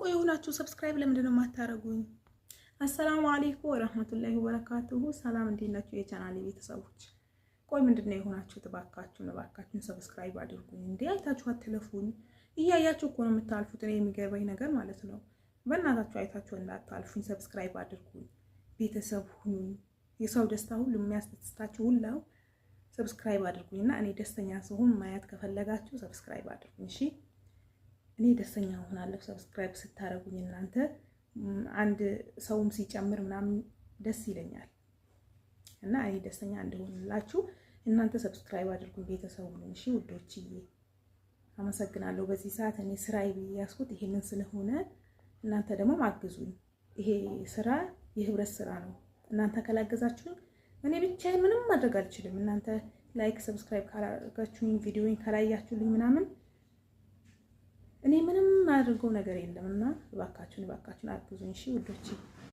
ቆይ የሆናችሁ ሰብስክራይብ ለምንድን ነው የማታደርጉኝ? አሰላሙ አሌይኩም ወረህመቱላሂ ወበረካቱሁ። ሰላም እንዴት ናችሁ የቻናሌ ቤተሰቦች? ቆይ ምንድን ነው የሆናችሁ? እባካችሁን እባካችሁን ሰብስክራይብ አድርጉኝ። እንዴ አይታችሁ አትለፉኝ። እያያችሁ እኮ ነው የምታልፉት። እኔ የሚገርበኝ ነገር ማለት ነው በእናታችሁ አይታችሁ እንዳታልፉኝ፣ ሰብስክራይብ አድርጉኝ። ቤተሰብ ሁኑኝ። የሰው ደስታ ሁሉ የሚያስደስታችሁ ሁላው ሰብስክራይብ አድርጉኝ እና እኔ ደስተኛ ስሆን ማየት ከፈለጋችሁ ሰብስክራይብ አድርጉኝ እሺ። እኔ ደስተኛ ሆናለሁ። ሰብስክራይብ ስታደርጉኝ እናንተ አንድ ሰውም ሲጨምር ምናምን ደስ ይለኛል እና እኔ ደስተኛ እንደሆንላችሁ እናንተ ሰብስክራይብ አድርጉኝ ቤተሰቡን። እሺ ውዶችዬ አመሰግናለሁ። በዚህ ሰዓት እኔ ስራ ያስኩት ይሄንን ስለሆነ እናንተ ደግሞ አግዙኝ። ይሄ ስራ የህብረት ስራ ነው። እናንተ ካላገዛችሁኝ እኔ ብቻዬን ምንም ማድረግ አልችልም። እናንተ ላይክ፣ ሰብስክራይብ ካላደረጋችሁኝ፣ ቪዲዮኝ ካላያችሁልኝ ምናምን የማያደርገው ነገር የለም እና እባካችሁን እባካችሁን አግዙኝ እሺ ውዶች